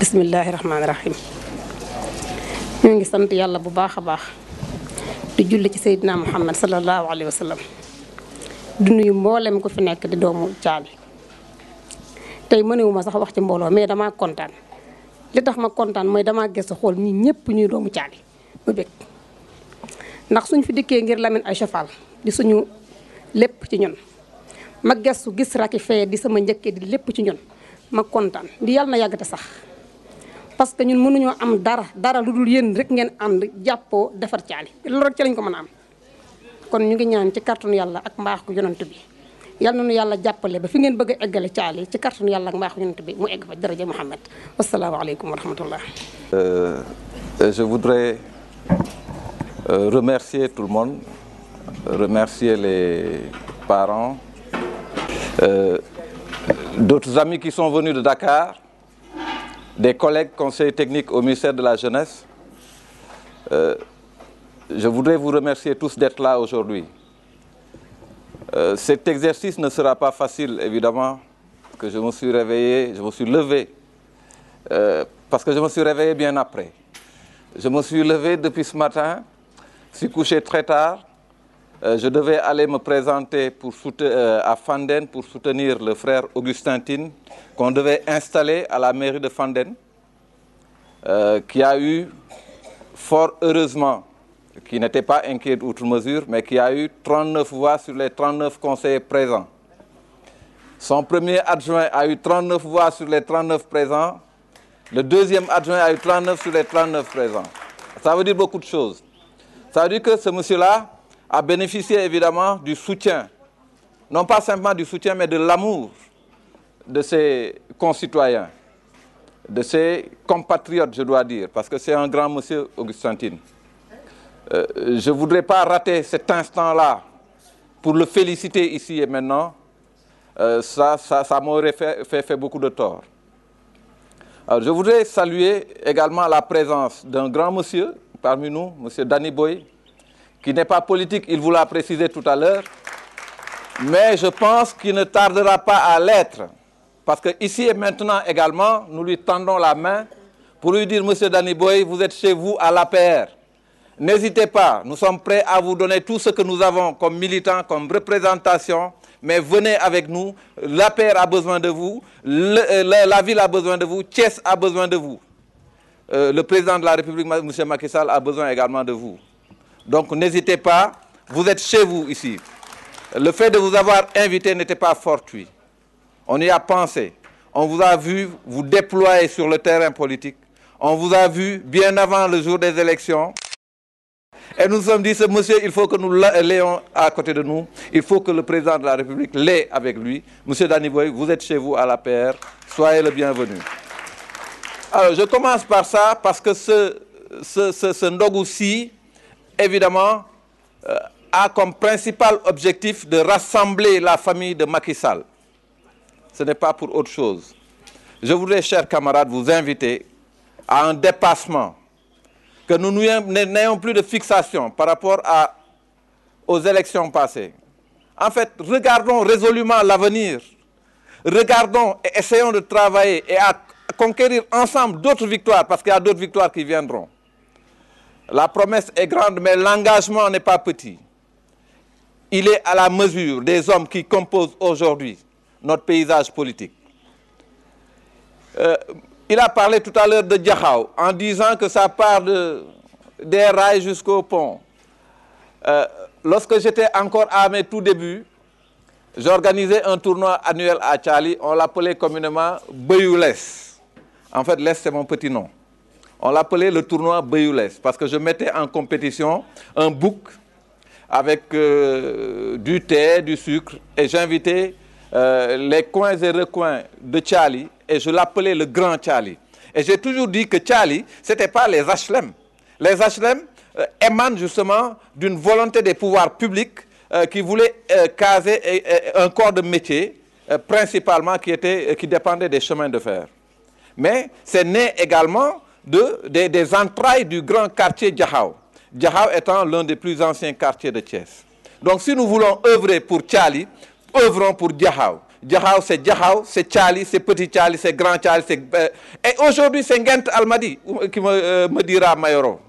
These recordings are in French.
bismillaahi rahmaani rahim ñoo ngi sant yàlla bu baax a baax di julli ci Seydina Muhammad sallallahu alayhi wa sallam du nuyu mboolem ko fi nekk di doomu caabi tey mënewuma sax wax ci mbooloo mais damaa kontaan li tax ma kontaan mooy damaa gëstu xool ñi ñëpp ñuy doomu caabi mu bëgg ndax suñu fi dikkee ngir Lamine ay Fall di suñu lépp ci ñun ma gëstu gis Racky Faye di sama njëkkee di lépp ci ñun ma kontan di yalla na yàgg te sax parce que ñun mënu ñu am dara dara luddul yeen rek ngeen and jappo defar ciali lool rek ci lañ ko mëna am kon ñu ngi ñaan ci carton yalla ak mbax ku yonent bi yalla na nu yàlla jàppale ba fi ngeen bëgg a ciali ci carton yalla ak mbax ku yonant bi mu egg fa daraja Muhammad alaykum wa rahmatullah euh je voudrais euh, remercier tout le monde remercier les parents euh, d'autres amis qui sont venus de Dakar, des collègues conseillers techniques au ministère de la Jeunesse. Euh, je voudrais vous remercier tous d'être là aujourd'hui. Euh, cet exercice ne sera pas facile, évidemment, que je me suis réveillé, je me suis levé, euh, parce que je me suis réveillé bien après. Je me suis levé depuis ce matin, je suis couché très tard, euh, je devais aller me présenter pour euh, à Fanden pour soutenir le frère Augustin Tine, qu'on devait installer à la mairie de Fanden, euh, qui a eu, fort heureusement, qui n'était pas inquiet doutre mesure, mais qui a eu 39 voix sur les 39 conseillers présents. Son premier adjoint a eu 39 voix sur les 39 présents. Le deuxième adjoint a eu 39 sur les 39 présents. Ça veut dire beaucoup de choses. Ça veut dire que ce monsieur-là, a bénéficié évidemment du soutien, non pas simplement du soutien, mais de l'amour de ses concitoyens, de ses compatriotes, je dois dire, parce que c'est un grand monsieur, Augustin Euh, je ne voudrais pas rater cet instant-là pour le féliciter ici et maintenant. Euh, ça, ça, ça m'aurait fait, fait, beaucoup de tort. je voudrais saluer également la présence d'un grand monsieur parmi nous, monsieur Danny Boy, qui n'est pas politique, il vous l'a précisé tout à l'heure, mais je pense qu'il ne tardera pas à l'être, parce que ici et maintenant également, nous lui tendons la main pour lui dire, Monsieur Boy, vous êtes chez vous à La l'APR. N'hésitez pas, nous sommes prêts à vous donner tout ce que nous avons comme militants, comme représentation, mais venez avec nous. La L'APR a besoin de vous, euh, la, ville a besoin de vous, Thiès a besoin de vous. Euh, le président de la République, M. Macky Sall, a besoin également de vous. Donc n'hésitez pas, vous êtes chez vous ici. Le fait de vous avoir invité n'était pas fortuit. On y a pensé. On vous a vu vous déployer sur le terrain politique. On vous a vu bien avant le jour des élections. Et nous nous sommes dit, monsieur, il faut que nous l'ayons à côté de nous. Il faut que le président de la République l'ait avec lui. Monsieur Boy, vous êtes chez vous à la PR. Soyez le bienvenu. Alors, je commence par ça parce que ce, ce, ce, évidemment, euh, a comme principal objectif de rassembler la famille de Macky Sall. Ce n'est pas pour autre chose. Je voudrais, chers camarades, vous inviter à un dépassement, que nous n'ayons plus de fixation par rapport aux élections passées. En fait, regardons résolument l'avenir. Regardons et essayons de travailler et à conquérir ensemble d'autres victoires, parce qu'il y a d'autres victoires qui viendront. La promesse est grande, mais l'engagement n'est pas petit. Il est à la mesure des hommes qui composent aujourd'hui notre paysage politique. Euh, il a parlé tout à l'heure de Diakhao en disant que ça part de, des rails jusqu'au pont. Euh, lorsque j'étais encore à mes tout débuts, j'organisais un tournoi annuel à Charlie. On l'appelait communément Beyoules. En fait, l'Est, c'est mon petit nom. On l'appelait le tournoi Bayoulès parce que je mettais en compétition un bouc avec euh, du thé, du sucre et j'invitais euh, les coins et recoins de Charlie et je l'appelais le grand Charlie. Et j'ai toujours dit que Charlie, ce n'était pas les HLM. Les HLM euh, émanent justement d'une volonté des pouvoirs publics qui voulaient caser un corps de métier principalement qui, était, qui dépendait des chemins de fer. Mais c'est né également des, entrailles du grand quartier Djahao. Djahao étant l'un des plus anciens quartiers de Thiès. Donc si nous voulons œuvrer pour Tchali, œuvrons pour Djahao. Djahao, c'est Djahao, c'est Tchali, c'est Petit Tchali, c'est Grand Tchali. Euh, et aujourd'hui, c'est Ngent Almadi euh, qui euh, me, dira Mayoro.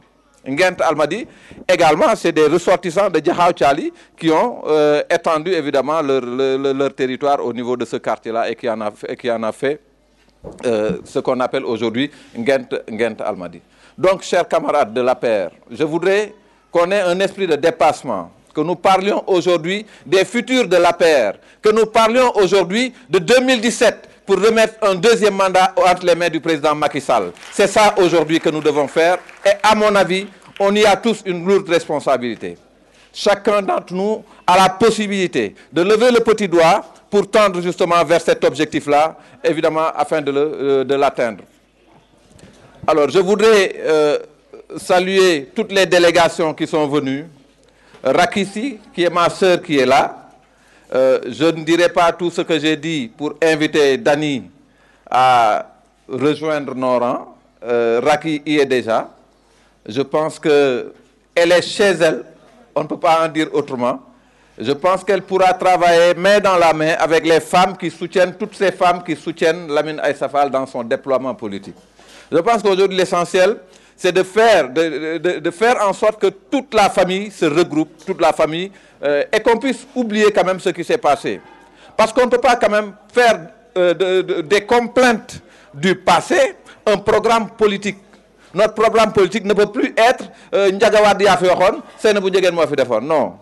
Ngent Almadi, également, c'est des ressortissants de Djahao Tchali qui ont étendu évidemment leur, territoire au niveau de ce quartier-là et qui en a fait euh, ce qu'on appelle aujourd'hui Ngent, Almadi. Donc, chers camarades de la paire, je voudrais qu'on ait un esprit de dépassement, que nous parlions aujourd'hui des futurs de la paire, que nous parlions aujourd'hui de 2017 pour remettre un deuxième mandat entre les mains du président Macky Sall. C'est ça aujourd'hui que nous devons faire et à mon avis, on y a tous une lourde responsabilité. Chacun d'entre nous a la possibilité de lever le petit doigt pour tendre justement vers cet objectif-là, évidemment, afin de euh, l'atteindre. Alors, je voudrais euh, saluer toutes les délégations qui sont venues. Rakissi, qui est ma sœur, qui est là. Euh, je ne dirai pas tout ce que j'ai dit pour inviter Dani à rejoindre nos rangs. Raki y est déjà. Je pense qu'elle est chez elle. On ne peut pas en dire autrement. Je pense qu'elle pourra travailler main dans la main avec les femmes qui soutiennent, toutes ces femmes qui soutiennent Lamine Aïsafal dans son déploiement politique. Je pense qu'aujourd'hui, l'essentiel, c'est de faire, de, faire en sorte que toute la famille se regroupe, toute la famille, euh, et qu'on puisse oublier quand même ce qui s'est passé. Parce qu'on ne peut pas quand même faire euh, des complaintes du passé un programme politique. Notre programme politique ne peut plus être euh, Ndiagawadi Afiokon, c'est Non,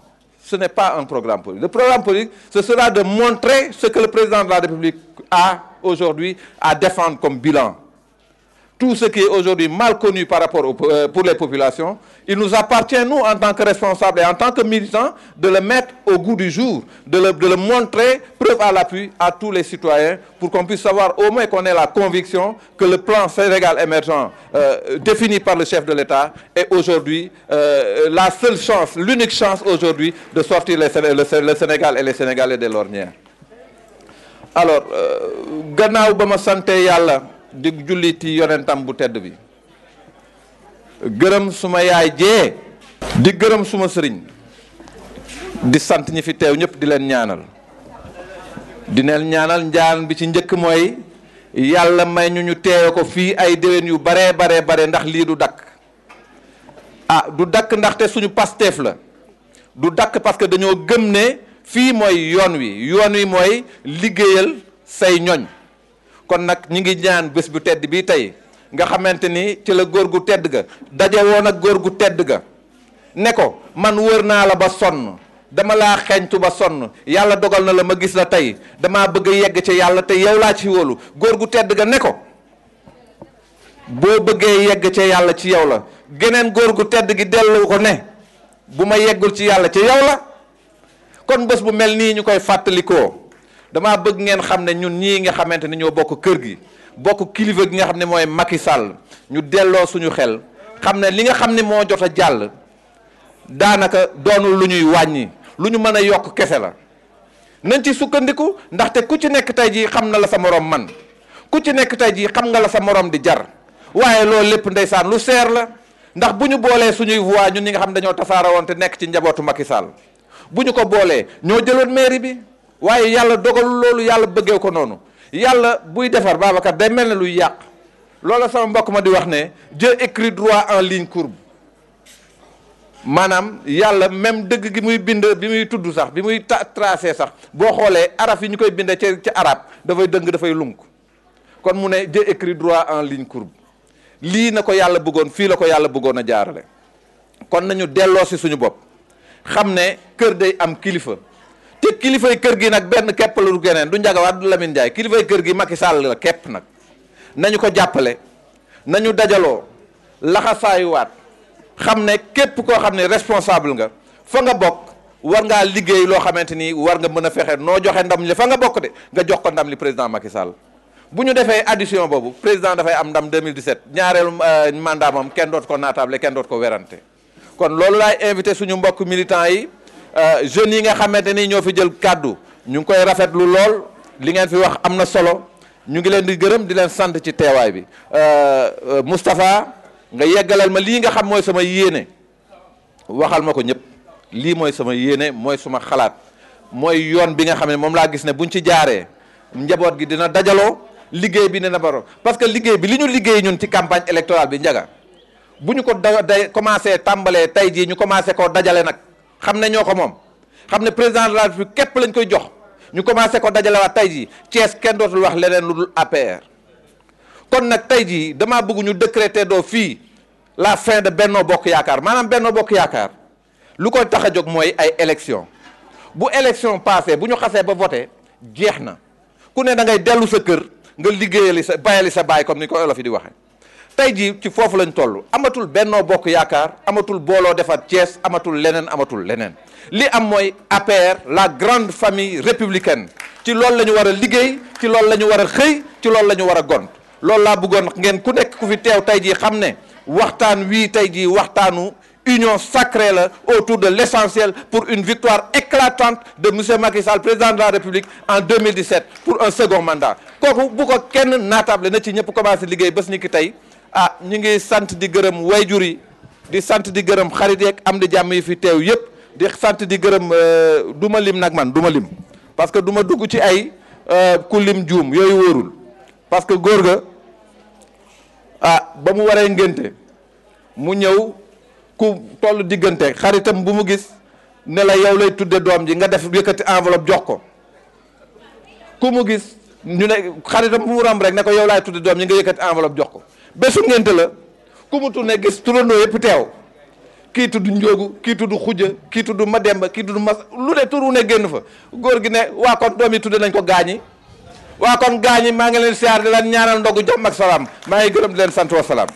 ce n'est pas un programme politique. Le programme politique, ce sera de montrer ce que le président de la République a aujourd'hui à défendre comme bilan tout ce qui est aujourd'hui mal connu par rapport euh, pour les populations, il nous appartient, nous, en tant que responsables et en tant que militants, de le mettre au goût du jour, de le, montrer, preuve à l'appui, à tous les citoyens, pour qu'on puisse savoir au moins qu'on ait la conviction que le plan Sénégal émergent, euh, défini par le chef de l'État, est aujourd'hui euh, la seule chance, l'unique chance aujourd'hui de sortir les, le, Sénégal et les Sénégalais de l'ornière. Alors, Gana di julliti yonentam bu tedd bi gërëm suma yaay jee di gërëm suma sëriñ di sant ñi fi teew ñëpp di leen ñaanal di leen ñaanal njaan bi ci njëkk mooy yàlla may ñu ñu teewe ko fii ay déwén yu baree baree bare ndax lii du dakk ah du dakk ndaxte suñu pasteef la du dakk parce que dañoo gëm ne fii mooy yoon wi yoon wi mooy liggéeyal say ñoñ kon nag ñi ngi ñaan bés bu tedd bi tey nga xamante ni ci la góor gu tedd ga daje woon ak góor gu tedd ga ne ko man wër naa la ba sonn dama laa xeeñtu ba sonn yàlla dogal na la ma gis la tey damaa bëgg yegg ca yàlla te yow laa ci wóolu góor gu tedd ga ne ko boo bëggee yegg ca yàlla ci yow la geneen góor gu tedd gi dellu ko ne bu ma yeggul ci yàlla ci yow la kon bés bu mel nii ñu koy fàttalikoo damaa bëgg ngeen xam ne ñun ñii nga xamante ni ñoo bokk kër gi bokk kilifa gi nga xam ne mooy Macky Sall ñu delloo suñu xel xam ne li nga xam ne moo jot a jàll daanaka doonul lu ñuy wàññi lu ñu mën a yokk kese la nañ ci sukkandiku ndaxte ku ci nekk tey jii xam na la sa morom man ku ci nekk tey jii xam nga la sa morom di jar waaye loolu lépp ndeysaan lu seer la ndax bu ñu boolee suñuy voix ñun ñi nga xam dañoo tasaara woon te nekk ci njabootu Macky Sall bu ñu ko boolee ñoo jëloon mairie bi waaye yàlla dogalu loolu yàlla bëggee ko noonu yàlla buy defar Babacar day mel ne luy yàq loola sama mbokk ma di wax ne Dieu écrit droit en ligne courbe maanaam yàlla même dëgg gi muy bind bi muy tudd sax bi muy ta tracé sax boo xoolee arab yi ñu koy bindee ci arab dafay dëng dafay lunk kon mu ne Dieu écrit droit en ligne courbe lii na ko yàlla bëggoon fii la ko yàlla bëggoon a jaarale kon nañu delloosi suñu bopp xam ne kër day am kilifa te kilifay nak gi nak ben kep lu du du njaga wad Lamine jay kilifay kër gi Macky Sall la kep nak nañu ko jàppale nañu dajaloo laxasaayuwaat xam ne képp koo xam ne responsable nga fa nga bok war nga liggey lo xamanteni ni war nga meuna fexé no joxe ndam li fa nga bok de nga jox ko ndam li président Macky Sall buñu défé addition bobu président fay am ndam 2017 ñaarel mandat mom kenn dot ko natable dot ko wéranté kon lolou lay inviter suñu mbokk militant yi Euh, jeunes yi nga xamante ni ñoo fi jël kàddu ñu ngi koy rafetlu lool li ngeen fi wax am na solo ñu ngi leen di gërëm di leen sant ci teewaay bi euh, euh, Moustapha nga yeggalal ma lii nga xam mooy sama yéene waxal ma ko ñëpp lii mooy sama yéene mooy suma xalaat mooy yoon bi nga xam ne moom laa gis ne buñ ci jaaree njaboot gi dina dajaloo liggéey bi na baro parce que liggéey bi li ñu liggéey ñun ci campagne électorale bi njaga bu ñu ko da day commencé tàmbalee tey jii ñu commencé koo dajale nag. xamna ñoko mom xamne président de la République képp lañ koy jox ñu commencé ko dajalewaat tey jii Thiès kenn dootul wax leneen lu APR kon nak tayji dama damaa bëgg ñu décréter do fi la fin de Benno Bokk yaakar manam Benno Bokk yaakar lu koy tax a jóg ay élection bu élection passé bu ñu xasee ba voter jeexna ku ne da ngay dellu sa kër nga liggéeyali sa bayali sa baay comme ni ko olof yi di waxe tayji ci fofu lañ toll amatul Benno bokk Yakar, amatul bolo defat ties amatul lenen amatul lenen li am moy APR la grande famille républicaine ci lolou lañu wara war ci lolou lañu wara xey ci lolou la wara war a gont loolu laa bëggoon ngeen ku nek ku fi tew tayji xamne waxtaan wi tayji waxtaanu union sacrée la autour de l'essentiel pour une victoire éclatante de monsieur Macky Sall président de la République en 2017 pour un second mandat kooku bu ko kenn naatable na ci ñëpp commencé liggéey bés ni ki tey ah ñu ngi sant di gërëm wayjur yi di sant di gërëm xarit yeeg am di jàmm yi fi teew yëpp di sant di gërëm euh, du ma lim nag man du ma lim parce que du dugg ci ay euh, ku lim juum yooyu wóorul parce que góor ga ah ba mu waree ngénte mu ñëw ku toll diggante xaritam bu mu gis ne la yow lay tudde doom ji nga def yëkkati enveloppe jox ko ku mu gis ñu ne xaritam bu mu romb rek ne ko yow laay tudde doom ñi nga yëkkati enveloppe jox ko besu ngénte la ku mu tourné gis turandoo yëpp teew kii tudd njóogu kii tudd xuja kii tudd mademba kii tudd mas lu ne tur wu ne génn fa góor gi ne waa kon doom yi tudd nañ ko gaañi waa kon gaañi maa ngi leen siyaar di leen ñaanal ndogu jàmm ak salaam maa ngi gërëm di leen sant wa salaam